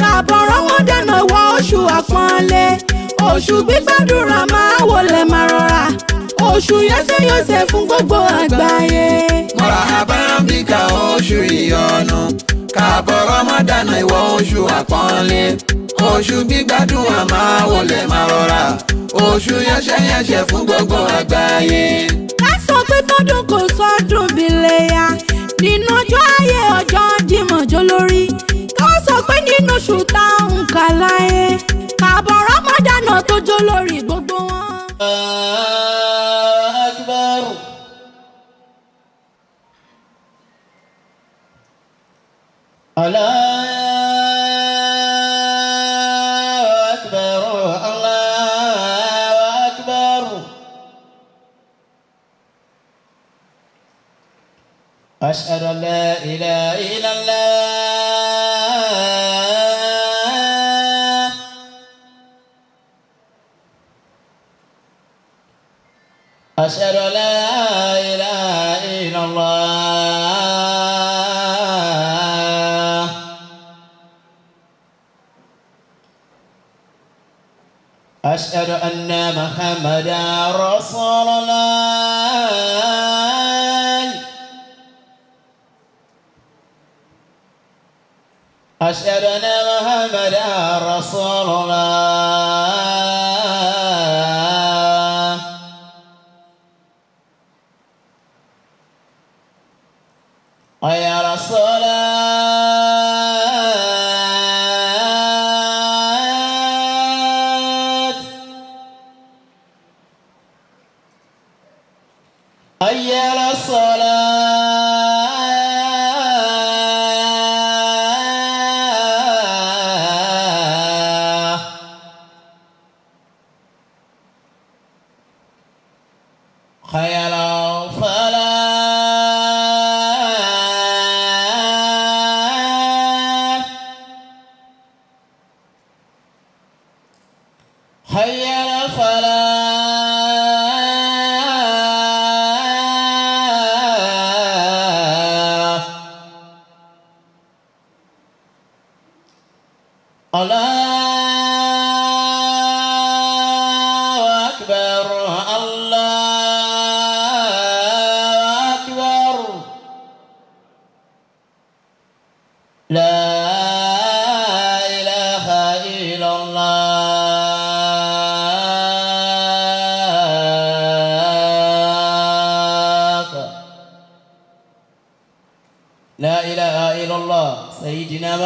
kàbọ̀rọ̀ wọn dènà ìwọ oṣù àpọ́nlé oṣù gbígbàdúrà máa wọlé máa rọra oṣù yẹ́sẹ̀yẹ́sẹ̀ fún gbogbo àgbáyé. mọ̀ra abárámbíkà oṣù ìyọnu kàbọ̀rọ̀ mọ́ dànù ìwọ oṣù àpọ́nlé oṣù gbígbádùn máa wọlé máa rọra oṣù yẹ́sẹ̀yẹ́sẹ̀ fún gbogbo àgbáyé. ká sọ pé tọdún kò sọdún bí léyà nínú ọjọ́ ayé ọjọ́ Jímọ̀ jólórí. pé nínú oṣù tá à ń kà láyé kàbọ̀ rọ́mọdánà tó jó lórí gbogbo wọn. akíbárò. aláàbò. أشهد أن لا إله إلا الله أشهد أن لا إله إلا الله أشهد أن محمدا رسول الله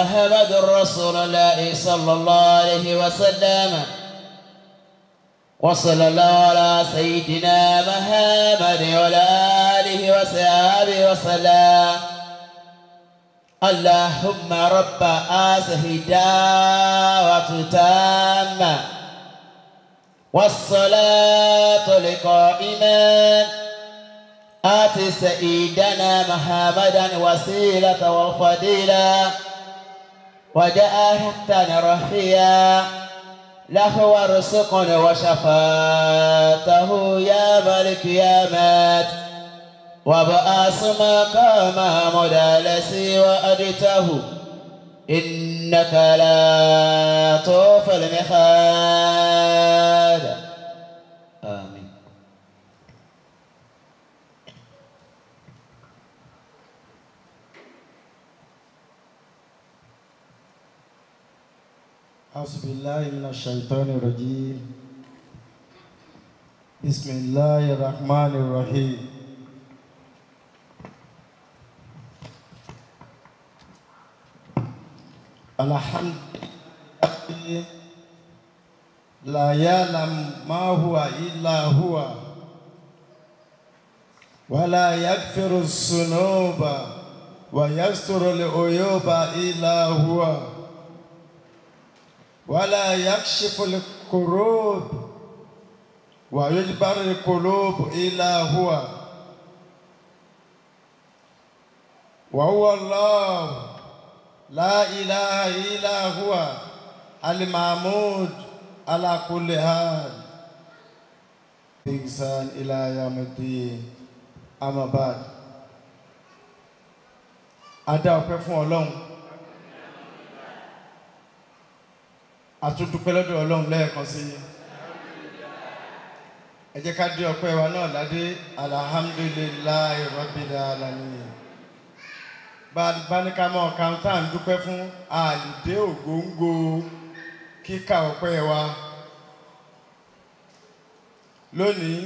محمد رسول الله صلى الله عليه وسلم وصلى الله على سيدنا محمد وعلى آله وصحبه وسلم اللهم رب هذه الدعوة تامة والصلاة لقائما آت سيدنا محمدا وسيلة وفضيله وجاءه التنر رخيا له ورسق وشفاته يا ملك يا مات وبأس ما قام مدالسي وأدته إنك لا توفى المخال أعوذ بالله من الشيطان الرجيم بسم الله الرحمن الرحيم الحمد لله لا يعلم ما هو إلا هو ولا يغفر الذنوب ويستر العيوب إلا هو ولا يكشف الكروب ويجبر القلوب إلا هو وهو الله لا إله إلا هو المعمود على كل حال بإحسان إلى يوم الدين أما بعد أدعو فون الله àtúndúpẹ́ lọ́dọ̀ ọlọ́run lẹ́ẹ̀kan sí i ẹ jẹ́ ká dé ọpẹ́ wa náà ládé alhamdulillahi rabbil alamin bá ní ká máa ka tá à ń dúpẹ́ fún àlìdé ògóńgó kíkà ọpẹ́ wa lónìí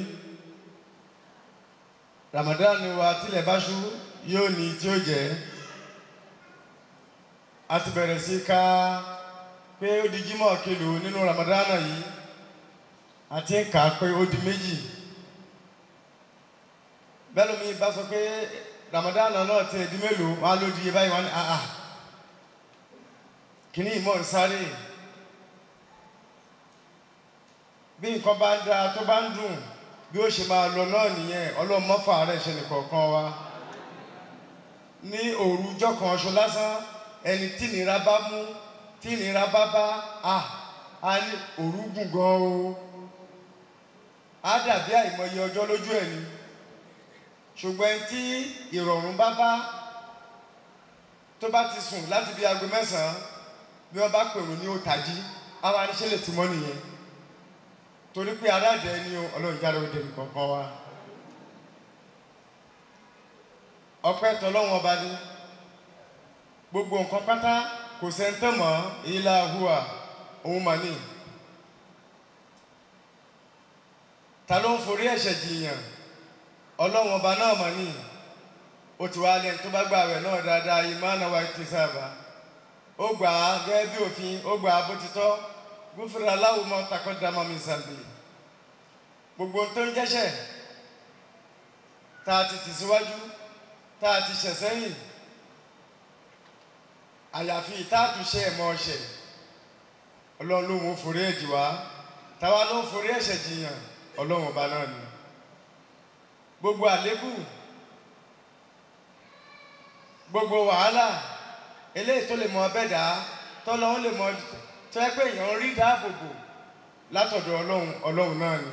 Ramadan wa tilẹ̀ bá ṣú yóò ní tí ó jẹ́ a ti bẹ̀rẹ̀ sí ká. Ka... pé ó di jímọ̀ kelòó nínú ramadana yìí àti ń kà á pé ó di méjì bẹ́ẹ̀ lómi bá sọ pé ramadana náà ti di mélòó wá ló di báyìí wá ní àhà kìíní ìmọ̀ ń sáré bí nǹkan bá ń dáa tó bá ń dùn bí ó ṣe máa lọ náà nìyẹn ọlọ́run rẹ̀ rẹ̀ ṣẹlẹ̀ kọ̀ọ̀kan wa ní òru ọjọ́ kan ṣo lásán ẹni tí nira bá mú tí ìnira bá bá a a ní òrùgùn gan o á dàbí àìmọye ọjọ́ lójú ẹ̀ ni ṣùgbọ́n ẹni tí ìrọ̀rùn bá bá tó bá ti sùn láti bí aago mẹ́sàn-án bí wọ́n bá pèrò ní òtàjí àwọn aníṣẹ́ lè ti mọ́ nìyẹn torí pé adájọ́ ẹni ọlọ́run jáde òde nìkọ̀ọ̀kan wa ọpẹ́ tọ́lọ́wọ́n ọba ní gbogbo nǹkan pátá kò sẹ́ńtẹ̀mọ́ ilá hùwà òun mà ní. ta ló ń forí ẹ̀ṣẹ̀ jìyàn ọlọ́run ọba náà mà ní ó ti wá lẹ́nu tó bá gbà rẹ̀ náà dáadáa ìmáàna wa ti sábà ó gbà á gẹ́gẹ́ bí òfin ó gbà á bó ti tọ́ gúfúra láwùmọ takọ́dámọ́ mi sàbí gbogbo tó ń jẹ́ṣẹ̀ tá a ti tì tá a ti ṣẹ̀ sẹ́yìn àyàfi ìtàtúnṣe ẹ̀mọ́ ọ̀ṣẹ̀ ọlọ́run lòun ò forí ẹ̀jì wá táwa ló ń forí ẹ̀ṣẹ̀ jiyàn ọlọ́run ọba náà ni gbogbo àlébù gbogbo wàhálà eléyìí tó lè mọ ọbẹ̀ dá tọ́lọ́ ó lè mọ tó yẹ pé èèyàn rí dáàbòbò látọ̀dọ̀ ọlọ́run ọlọ́run náà ni.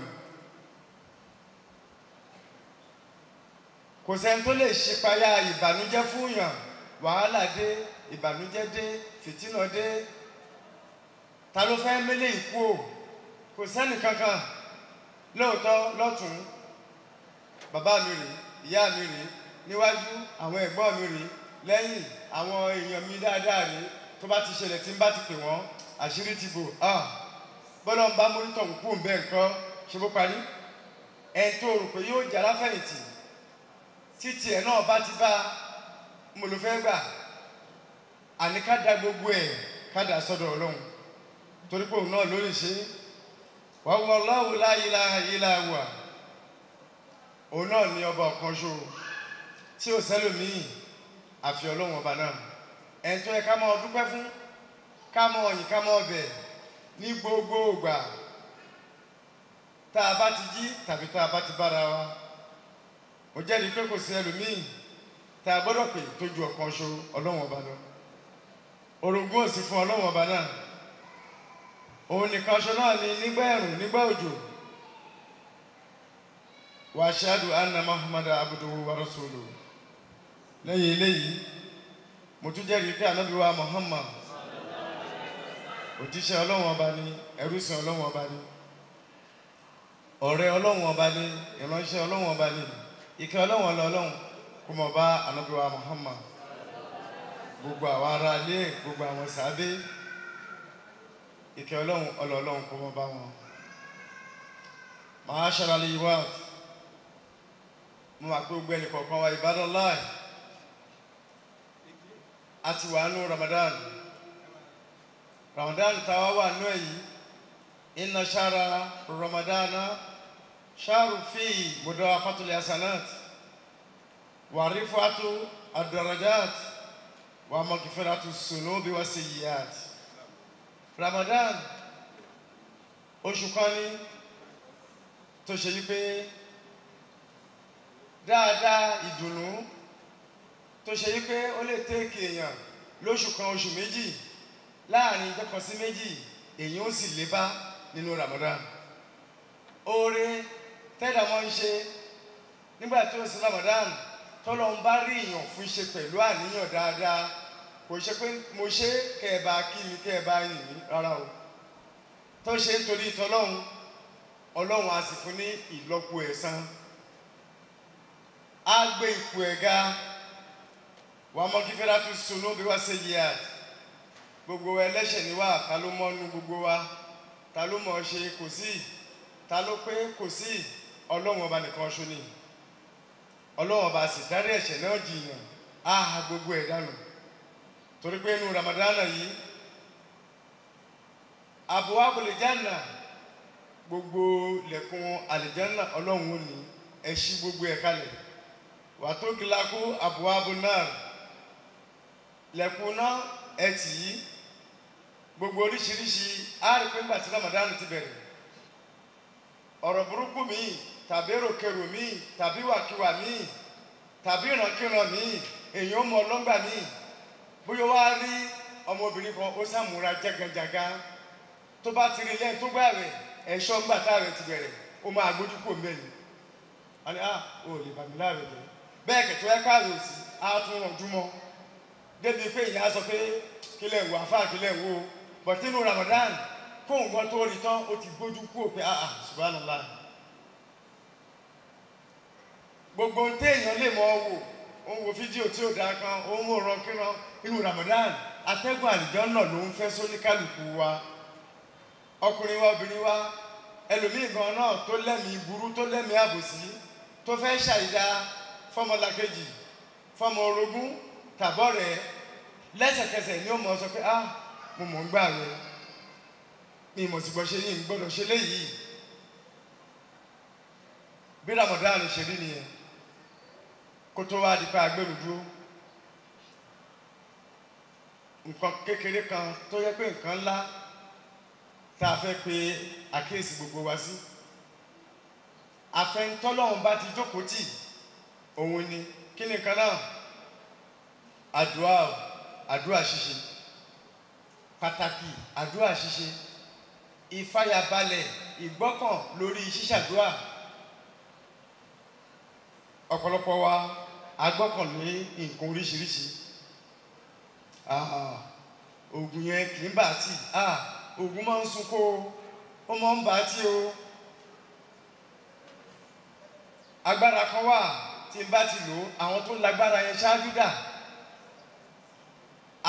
kò sẹ́ni tó lè ṣípayá ìbànújẹ́ fún yàn wàhálà dé ìbànújẹ́ dé fìtínà dé ta ló fẹ́ mélé ìkú o kò sẹ́nì kankan lóòótọ́ lọ́tún bàbá mi rè ìyá mi rè níwájú àwọn ẹ̀gbọ́n mi rè lẹ́yìn àwọn èèyàn mi dáadáa rè tó bá ti ṣẹlẹ̀ tí n bá ti pè wọ́n àṣírí ti bò ah bọ́lá ń bá mọ́nítọ̀ ń kú bẹ́ẹ̀ nǹkan ṣe bó parí ẹ̀ tó rò pé yóò jà láfẹ̀yìntì títí ẹ̀ náà bá ti bá mo ló fẹ́ gbà àní ká da gbogbo ẹ̀ ká dà sọ́dọ̀ ọlọ́run torí pé òun náà ló lè ṣe é wàá wọ ọlọ́run láyé láyé láwà òun náà ní ọba ọ̀kan ṣo tí ò sẹ́lòmíì àfi ọlọ́run ọba náà ẹni tó yẹ ká máa dúpẹ́ fún ká máa yìn ká máa bẹ̀ ní gbogbo ìgbà tá a bá ti jí tàbí tá a bá ti bára wa mo jẹ́rìí pé kò sí ẹlòmíì tá a gbọ́dọ̀ pè tó ju ọ̀kan ṣo ọlọ́run ọba náà orogún òsì fún ọlọ́wọ́ ọba náà òun nìkan ṣe náà ni nígbà ẹ̀rùn nígbà òjò wa ashhadu anna muhammadu abduhu wa rasuluhu lẹ́yìn eléyìí mo tún jẹ́rìí pé ànábì wa muhammad òjíṣẹ́ ọlọ́wọ́n ọba ni ẹrúsìn ọlọ́wọ́n ọba ni ọ̀rẹ́ ọlọ́wọ́n ọba ni ìránṣẹ́ ọlọ́wọ́n ọba ni ìkẹ́ ọlọ́wọ́n ọlọ́wọ́n kó mọ̀ bá ànábì wa muhammad gbogbo àwọn ará ilé gbogbo àwọn sábẹ́ ìkẹ́ ọlọ́run ọlọ́run kó mọ́ bá wọn. màá ṣàlàyé ìwà mo máa pé gbogbo ẹnì kọ̀ọ̀kan wa ìbádọ́ láì a ti wà nù Ramadan Ramadan táwa wà nù ẹ̀yìn iná ṣára Ramadan ṣáàrù fíì gbọdọ̀ afátúlẹ̀ asanat wàrífàtú adarajat. ومغفرة الذنوب والسيئات Ramadan oṣù kan ní tó ṣe wípé dáadáa ìdùnnú tó ṣe wípé ó lè téèkì èèyàn lóṣù kan oṣù méjì láàrin ìjọ kan sí méjì èyí ó sì lébá nínú Ramadan oore tẹ́dà mọ́ ń ṣe nígbà tó ń sin Ramadan tọ́lọ́ ń bá rí èèyàn fún ṣe pẹ̀lú àníyàn dáadáa kò ṣe pé mo ṣe kẹ́ ẹ bá kí mi kẹ́ ẹ bá yìn mí rárá o tó ṣe ń torí tọ́lọ́hún ọlọ́run á sì fún ní ìlọ́po ẹ̀san a gbé ipò ẹ̀ ga wàá mọ́ kí fẹ́rẹ́ tún sunú bí wá ṣe yíyà gbogbo ẹlẹ́ṣẹ̀ ni wá ta ló mọ́nu gbogbo wa ta ló mọ̀ ọ́ ṣe kò sí ta ló pé kò sí ọlọ́run ọba nìkan ṣo ni ọlọ́wọ́n bá sì dárí ẹ̀ṣẹ̀ náà jìyàn á ha gbogbo ẹ̀ dànù torí pé inú Ramadan yìí abwabu lìjánà gbogbo lẹ̀kùn àlìjánà ọlọ́run ò ní ẹ ṣí gbogbo ẹ̀ kalẹ̀ wà tó gilaku abwabu náà lẹ̀kùn náà ẹ tì í gbogbo oríṣiríṣi á rí pé ńgbà tí Ramadan ti bẹ̀rẹ̀ ọ̀rọ̀ burúkú mi-ín tàbí èròkèrò mi, tàbí wàkiwà míì tàbí ìrànkíran mi, èèyàn mọ ọlọ́gbà míì bóyá wá rí ọmọbìnrin kan ó sàmúra jágajàga tó bá ti rí lẹ́yìn tó gbà rẹ̀ ẹ̀ṣọ́ gbàtà rẹ̀ ti bẹ̀rẹ̀ ó máa gbójú kò mẹ́rin a ní à ò lè bàmí láàrẹ jẹ bẹ́ẹ̀ kẹ̀tọ́ ẹ káàrò sí á tún rànjú mọ́ débi pé ìyá sọ pé kílẹ̀ wò àfáà kílẹ̀ wò bọ̀tínú Ramadan kóun gan tó rí tán ó ti gbójú kúrò pé àà subhanallah gbogbo téèyàn lè mọ wò ó ń wo fídíò tí ò dáa kan ó ń wò rankíran inú Ramadan atẹ́gùn àlìjọ́ náà ló ń fẹ́ sóníkàlùkù wa ọkùnrin wa obìnrin wa ẹlòmíì gan náà tó lẹ́mìí burú tó lẹ́mìí àbòsí tó fẹ́ ṣàìdá fọmọlàkejì fọmọ orogún tàbọ̀ lẹ́sẹ̀kẹsẹ̀ ni ó mọ̀ sọ pé ah mo mọ̀ ń gbà rẹ̀ mi mọ̀ sí gbọ́ṣe yìí ń gbọ́dọ̀ ṣe léyìí bí Ramadan ṣe rí nìyẹn kó tó wá di pé agbèrú dúró nǹkan kékeré kan tó yẹ pé nǹkan ńlá tá a fẹ́ pe àkíyèsí gbogbo wa sí àfẹnutọ́lọ́hún bá ti jókòó tì òun ni kí ni nǹkan náà àdúrà àdúrà ṣíṣe pàtàkì àdúrà ṣíṣe ìfàyàbalẹ̀ ìgbọ́kàn lórí ṣíṣàdúrà ọ̀pọ̀lọpọ̀ wa agbọ́kànlé nǹkan oríṣiríṣi ah, oògùn yẹn kì í bà tì ah, oògùn máa ń sunkó ó máa ń bà tì o agbára kan wà tí n bá ti lò àwọn tó lágbára yẹn ṣáájú dà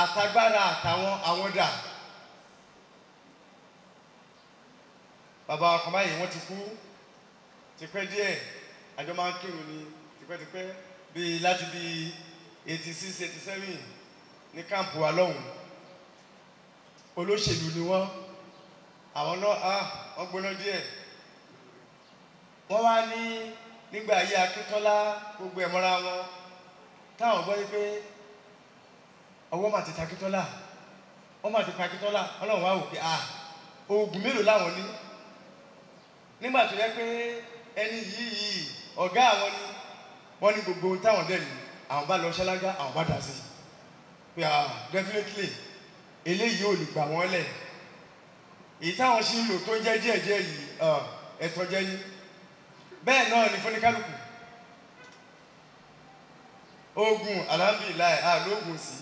àtagbára àtàwọn àwọn dà bàbá ọkàn báyìí wọ́n ti kú tipẹ́ díẹ̀ àjọ máa ń kírun ni tipẹ́tipẹ́ bíi láti bíi eighty six eighty seven ní káàmpù wa lọ́hùn olóṣèlú ni wọ́n àwọn náà ah, wọ́n gbóná díẹ̀ wọ́n wá ní nígbà ayé akíntọ́lá gbogbo ẹ̀ mọ́ra wọn táwọn gbọ́ pé ọwọ́ màá ti ta akíntọ́lá wọ́n màá ti pa akíntọ́lá ọlọ́run wá wò pé à ah, oògùn mélòó làwọn ní nígbà tó yẹ pé ẹni yìí yìí ọ̀gá àwọn ni wọ́n ní gbogbo ohun táwọn dẹ̀ ní àwọn bá lọ ṣáláńgá àwọn bá dá sí i pé ah definitely eléyìí ò lè gbà wọ́n lẹ̀ èyí táwọn ṣì ń lò tó ń jẹ́ díẹ̀díẹ̀ yìí ẹ̀tọ́ jẹ́ yín bẹ́ẹ̀ náà ni fúnikálùkù oògùn alhamdulilayi alóògùn sí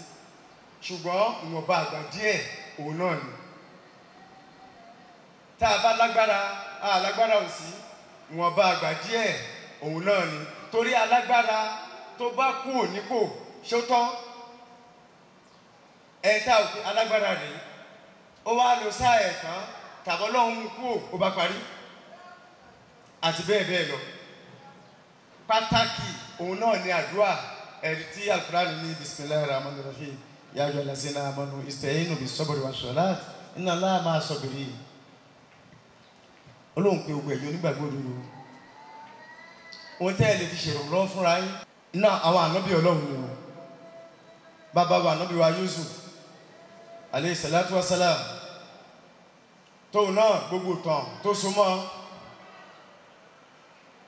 ṣùgbọ́n ìwọ̀nba àgbà díẹ̀ òun náà ni tá a bá lágbára alágbára òsì ìwọ̀nba àgbà díẹ̀ òun náà ni torí alágbára tó bá kú ònípò ṣótán ẹ̀ta òkè alágbára rèé ó wá lọ sáà ẹ̀ tán tàbọ̀ lọ́hún kú ó bá parí àti bẹ́ẹ̀ bẹ́ẹ̀ lọ pàtàkì òun náà ni àdúrà ẹ̀rí tí alukurani ní bisimilayi rahman rahim yàrá ìlàsínà amanu istayinu bisabri wa salat inna Allah máa sọ̀bìrì olóhùn pé ogun ẹ̀yọ́ nígbàgbọ́ òdodo ohun ti ẹ lè fi ṣèrànlọ́wọ́ fúnra yín iná àwọn ànábì ọlọ́run ni wọn bàbá wa ànábì wa Yusuf aleyhi salatu wa salam tóun náà gbogbo tán tó so mọ́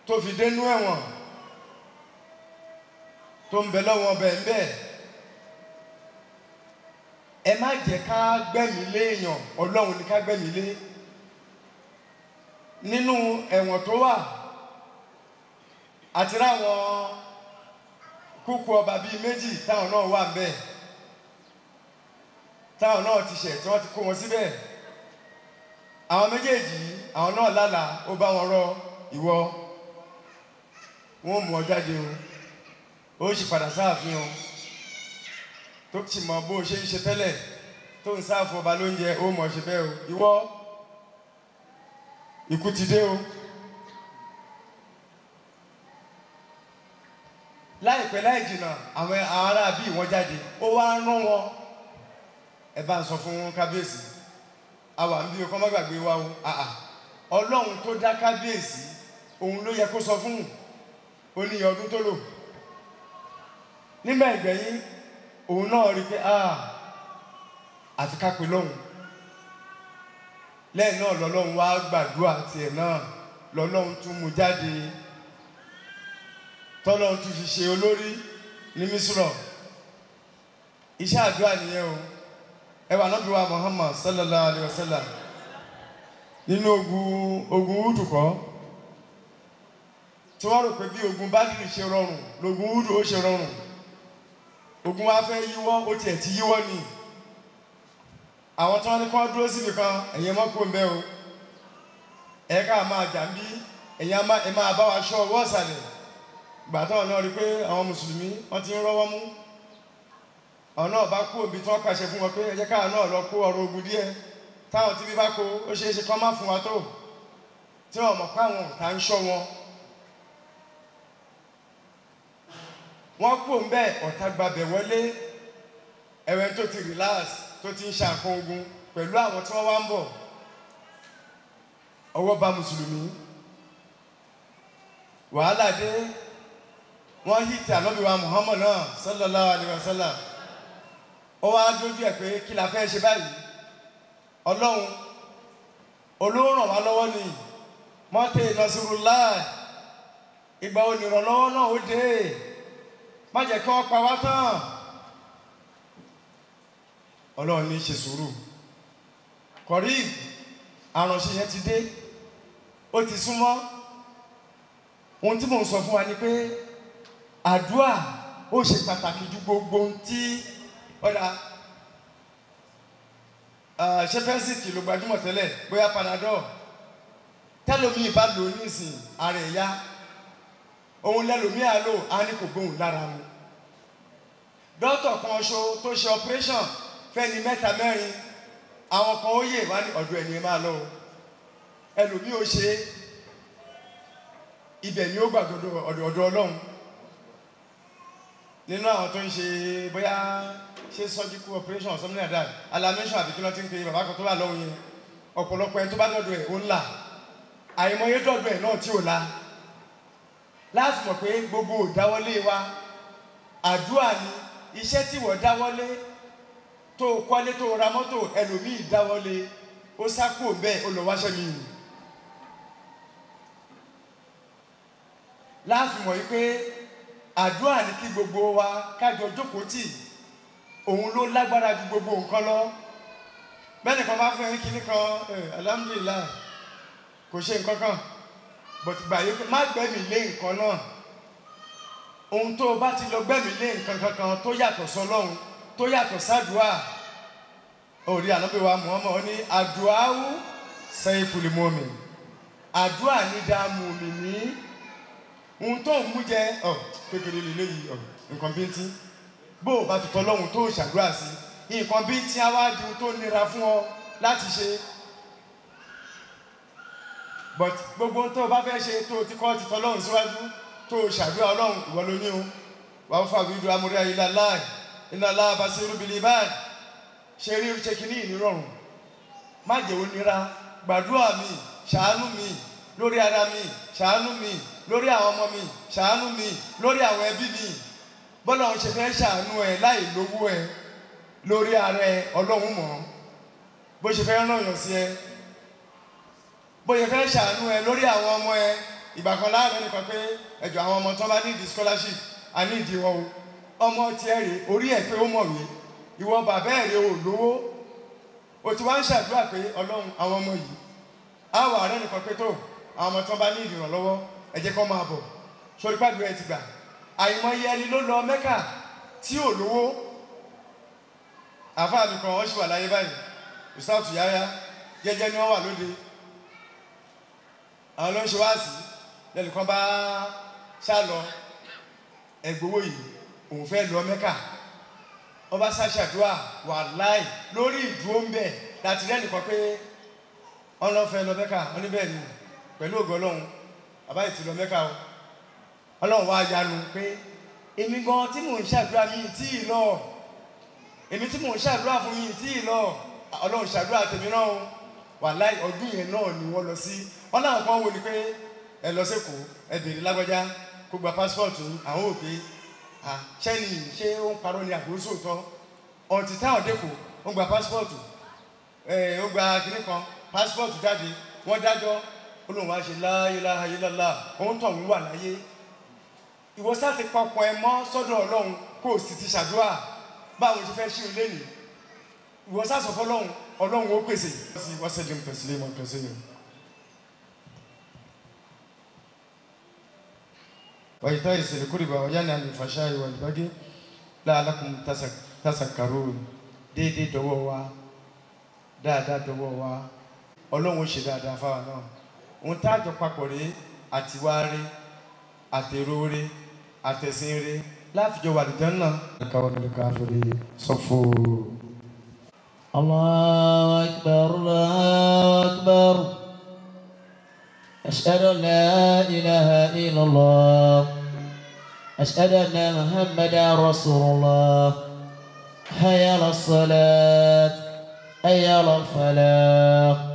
tó fi dénú ẹ̀wọ̀n tó ń bẹ lọ́wọ́ bẹ́ẹ̀ bẹ́ẹ̀ ẹ má jẹ́ ká gbẹ̀mí léèyàn ọlọ́run ni ká gbẹ̀mí lé nínú ẹ̀wọ̀n tó wà àti ráwọn kúkú ọba bíi méjì táwọn náà wà ńbẹ̀ táwọn náà ti ṣẹ̀ tí wọ́n ti kó wọn síbẹ̀ àwọn méjèèjì àwọn náà lálàá ó bá wọn rọ ìwọ wọn mú ọ jáde o ó sì padà sáàfin o tó ti mọ bó o ṣe ń ṣe tẹ́lẹ̀ tó ń sáàfù ọba lóúnjẹ ó mọ̀ ṣe bẹ́ẹ̀ o ìwọ ikú ti dé o. láìpẹ́ láì jìnnà àwọn ará bíi wọ́n jáde ó wá rán wọn ẹ bá ń sọ fún kábíyèsí àwa ń bí o má gbàgbé wa o àà ọlọ́run tó dá kábíyèsí òun ló yẹ kó sọ fún un ó ní ọdún tó lò nígbà ìgbẹ̀yìn òun náà rí pé àà àti ká pè lọ́hùn lẹ́yìn náà lọ́lọ́run wá gbàdúrà tiẹ̀ náà lọ́lọ́run tún mú jáde tọ́lọ́run tún fi ṣe olórí ní misrọ̀ iṣẹ́ àdúrà nìyẹn o ẹwà náà wà Muhammad sallallahu alayhi wa sallam nínú ogun ogun wúdù kọ́ tí wọ́n rò pé bí ogun bádìrì ṣe rọrùn lógun wúdù ó ṣe rọrùn ogun wa fẹ́ yíwọ́ ó tiẹ̀ ti yíwọ́ ni àwọn tí wọ́n ní kí wọ́n dúró síbi kan ẹ̀yẹ́ mọ́ kó ń bẹ́ o ẹ̀ka máa jà ń máa bá wa ṣọ́ ọwọ́ ọ̀sàlẹ̀ gbàtọ́ náà rí pé àwọn mùsùlùmí wọ́n ti ń rọ́wọ́ mú àwọn náà bá kú òbí tí wọ́n pàṣẹ fún wọn pé ẹ jẹ́ káwọn náà lọ kó ọrọ̀ ogun díẹ̀ táwọn tí bí bá kó ó ṣeé ṣe kán má fún wa tó tí wọ́n mọ̀ pé àwọn ọ̀tá ń ṣọ́ wọn. wọ́n kú òǹbẹ́ ọ̀tá gbabẹ̀ wọlé ẹ̀wẹ̀ tó ti relax tó ti ń ṣàkóso ogun pẹ̀lú àwọn tí wọ́n wá ń bọ̀ ọwọ́ bá mùsùlùmí wàhálà dé wọ́n yí ti àlọ́bíwá Muhammad náà sallallahu alaihi wasallam ó wá dójú ẹ̀ pé kí la fẹ́ ṣe báyìí ọlọ́run olóòràn wá lọ́wọ́ ni mọ́tẹ́ ìlọsirùlá ìgbà onírànlọ́wọ́ náà ó dé má jẹ́ kí wọ́n pa wá tán ọlọ́run ní ṣe sùúrù kọ̀rí àrùnṣe yẹn ti dé ó ti súnmọ́ ohun tí mò ń sọ fún wa ni pé àdúrà ó ṣe pàtàkì ju gbogbo ohun tí ọ̀dà ṣẹfẹ́sìtì ló gbajúmọ̀ tẹ́lẹ̀ bóyá panadol tẹ́lómi bá lò ó nísìn ara ẹ̀ yá òun lẹ́lómi àlò á ní kò gbóhùn lára mu dókítà kan ṣo tó ṣe operation fẹ́ni mẹ́ta mẹ́rin àwọn kan ó yè wá ní ọ̀dọ̀ ẹni máa lọ ẹlòmí ó ṣe ibẹ̀ ni ó gbàgbọ́dọ̀ ọ̀dọ̀ ọlọ́run nínú àwọn tó ń ṣe bóyá ṣe surgical operation something like that alamation àbí kí ló ti ń pe bàbá kan tó wà lọ́wọ́ yẹn ọ̀pọ̀lọpọ̀ ẹni tó bá dọ̀dọ̀ ẹ̀ ó ń là àìmọye dọ̀dọ̀ ẹ̀ náà tí ò la láti mọ̀ pé gbogbo ìdáwọ́lé wa àdúrà ni iṣẹ́ tí wọ́n dáwọ́lé tó kọ́lé tó ra mọ́tò ẹlòmíì dáwọ́lé ó sákò bẹ́ẹ̀ ó lọ wáṣẹ́ mi láti mọ̀ yí pé àdúrà ní kí gbogbo wa kájọ jókòó tì òun ló lágbára ju gbogbo nǹkan lọ bẹ́ẹ̀ nìkan bá fún ẹ ní kinní eh, alhamdulillah kò ṣe nǹkan kan but gbàyè má gbẹ́mí lé nǹkan náà ohun tó o bá ti lọ gbẹ́mí lé nǹkan kankan tó yàtọ̀ sọlọ́run tó yàtọ̀ sádùá orí ànábìwá Muhammad ó ní àdùáwù sẹ́yìn fúlimọ́mi àdúrà ní dáa mi ní ohun tó ń mú jẹ ọ kékeré lélẹyìí ọ nǹkan bí ń bó o bá ti tọ́ lọ́hùn tó ṣàdúrà sí nǹkan bí ń á wá di ohun tó nira fún ọ láti ṣe but gbogbo tó o bá fẹ́ ṣe tó o ti kọ́ ti tọ́ lọ́hùn síwájú tó o ṣàdúrà ọlọ́hùn ìwọ ló ní o wàá fún àbídú amúrí ayé láláì iná láàbá sí irúbìlì báyìí ṣe rí ṣe kínní ìnírọ̀rùn má jẹ́ onira gbàdúrà mi ṣàánú mi lórí ara mi ṣàánú mi lórí àwọn ọmọ mi ṣàánú mi lórí àwọn ẹbí mi bọ́lá ń ṣe fẹ́ ṣàánú ẹ láì lówó ẹ lórí ara ẹ ọlọ́run mọ̀ bó ṣe fẹ́ rànyàn sí ẹ bó ṣe fẹ́ ṣàánú ẹ lórí àwọn ọmọ ẹ ìgbà kan láàrin nìkan pé ẹjọ àwọn ọmọ tán bá ní ìdí scholarship a ní ìdí wọn o ọmọ tiẹ̀ rè orí ẹ̀ pé ó mọ̀wé ìwọ bàbá ẹ̀ ò lówó o ti wá ń ṣàdúrà pé ọlọ́run àwọn ọmọ yìí á wà nìkan pé tó àwọn ọmọ tán bá ní ìdìrànlọ́wọ́ ẹ jẹ́ kó máa bọ̀ sórí gbàdúrà ẹ ti gbà àìmọye ẹni ló lọ mẹ́kà tí ò lówó àfa mi kan wọ́n ṣì wà láyé báyìí ìsáàtù yáyá jẹ́jẹ́ ni wọ́n wà lóde àwọn ló ń ṣe wáàsí lẹ́nìkan bá ṣàlọ ẹ̀gbowó yìí òun fẹ́ lọ mẹ́kà wọ́n bá ṣàṣàdúrà wà láì lórí ìdúró ń bẹ̀ láti lẹ́nìkan pé wọ́n lọ́ fẹ́ lọ mẹ́kà wọ́n níbẹ̀ ni pẹ̀lú ògo Ọlọ́run bàbá yìí ti lọ mẹ́ka o ọlọ́run wá yanu pé èmi gan tí mò ń ṣàdúrà mi tí ì lọ èmi tí mò ń ṣàdúrà fún mi tí ì lọ ọlọ́run ṣàdúrà tèmi náà o wàláì ọdún yẹn náà ni wọ́n lọ sí ọlọ́run kan wò ni pé ẹ lọ sí Èkó ẹ bèrè lágbájá kó gba pásítọ̀tù àwọn òkè ṣẹ́ni ṣé ó ń parọ́ ni àkóso tán ọ̀tí táwọn dẹ́kọ̀ ó gba pásítọ̀tù ó gba kínní pásítọ̀tù jáde wọ́n dájọ́ olóhùn wa ṣe láyélá ayélálá òun tọ̀ wíwà láyé ìwọ sá ti pọpọ ẹ mọ́ sọ́dọ̀ ọlọ́run kó o sì ti ṣàdúrà báwo ti fẹ́ ṣí o lẹ́nu ìwọ sá sọ fọlọ́run ọlọ́run ó pèsè. wọ́n ṣe jẹun pèsè lé wọn pèsè yẹn. وإيتاء ذي القربى وينهى عن الفحشاء والبغي لعلكم تذكرون déédéé dọ́wọ́ wa dáadáa dọ́wọ́ wa Ọlọ́run ó ṣe dáadáa fáwọn náà. ohun tá a jọ papọ̀ rèé àtiwá rèé àtẹ̀rọ rèé àtẹ̀sìn rèé láàfijọ́ wà lùjọ́ náà. ẹ̀ka wọn ló ká lórí sọ́fọ́. Allahu akbar Allahu akbar ashhadu an la ilaha illallah ashhadu anna muhammadan rasulullah hayya ala salat hayya ala falah.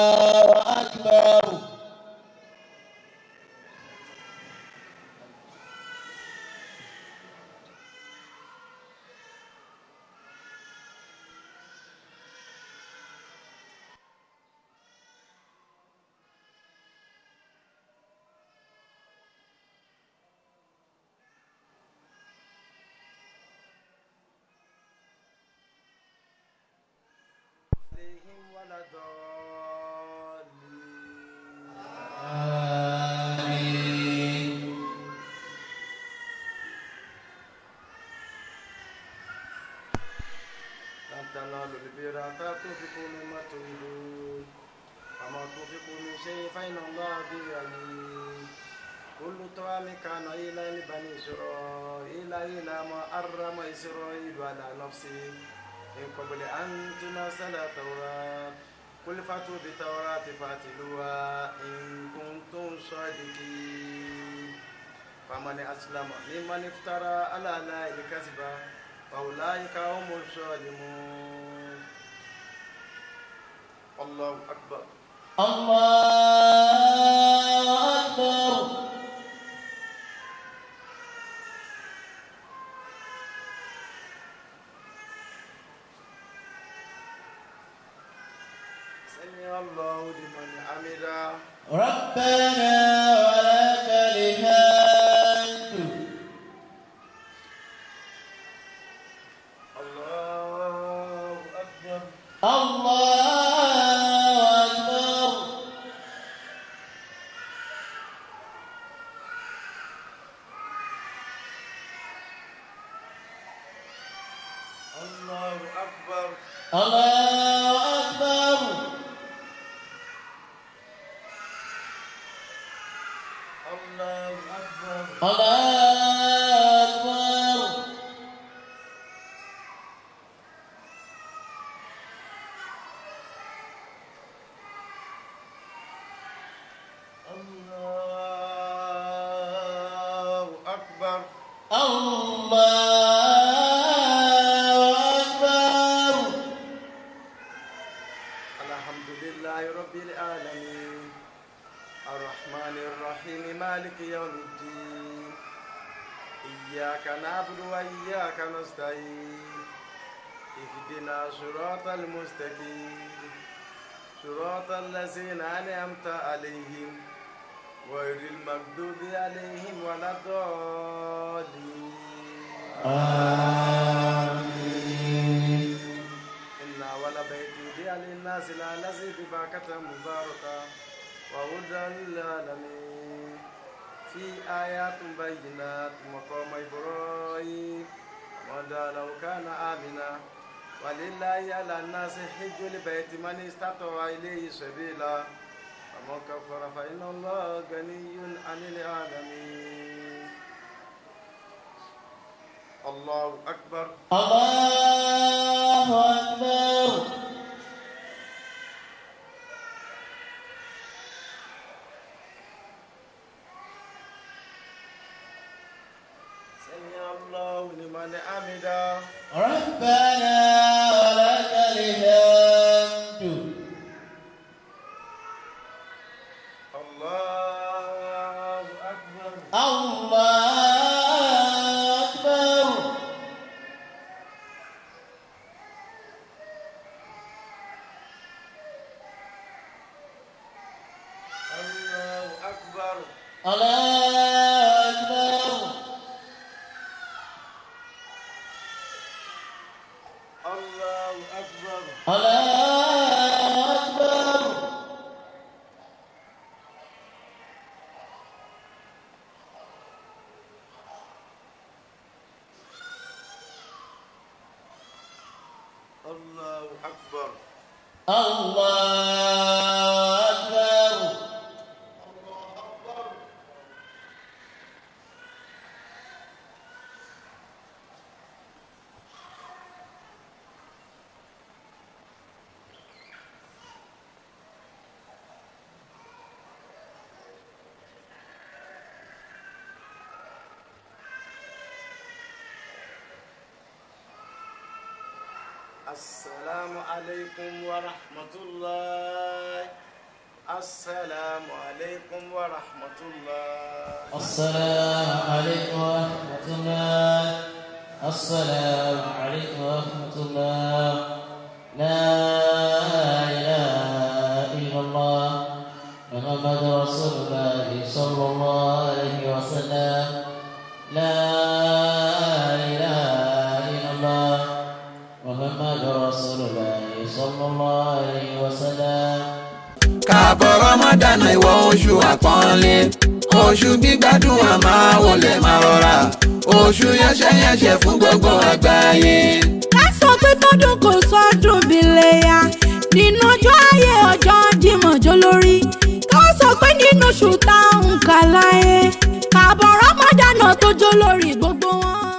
تنالوا البر حتى تنفقوا مما تريدون وما تنفقوا من شيء فإن الله به عليم كل طعام كان إلى لبني إسرائيل إلى ما حرم إسرائيل على نفسه من قبل أن تنزل التوراة قل فاتوا بالتوراة فاتلوها إن كنتم صادقين فمن أسلم ممن افترى على الله كذبا فأولئك هم الظالمون الله أكبر الله أكبر سمع الله لمن حمده ربنا إياك نعبد وإياك نستعين اهدنا صراط المستقيم صراط الذين أنعمت عليهم غير المغضوب عليهم ولا الضالين آمين إن أول بيت وضع للناس للذي ببركة مباركة وهدى للعالمين في آيات بينات مقام إبراهيم ماذا لو كان آمنا ولله على الناس حج البيت من استطاع إليه سبيلا ومن كفر فإن الله غني عن العالمين الله أكبر الله Hello. السلام عليكم ورحمة الله السلام عليكم ورحمة الله السلام عليكم ورحمة الله السلام عليكم ورحمة الله لا إله إلا الله محمد رسول الله صلى الله sallallahu alayhi wa sallam. kààbọ̀ rọ́mọdánà ìwọ oṣù àpọ́nlé oṣù gbígbádùn àmọ́ wọlé máa rọra oṣù yẹ́sẹ̀yẹ́sẹ̀ fún gbogbo àgbáyé. ká sọ pé tọdún kò sọdún bí léyà nínú ọjọ́ ayé ọjọ́ Jímọ̀jọ́ lórí ká sọ pé nínú oṣù ń kà kààbọ̀ rọ́mọdánà tó jó lórí gbogbo wọn.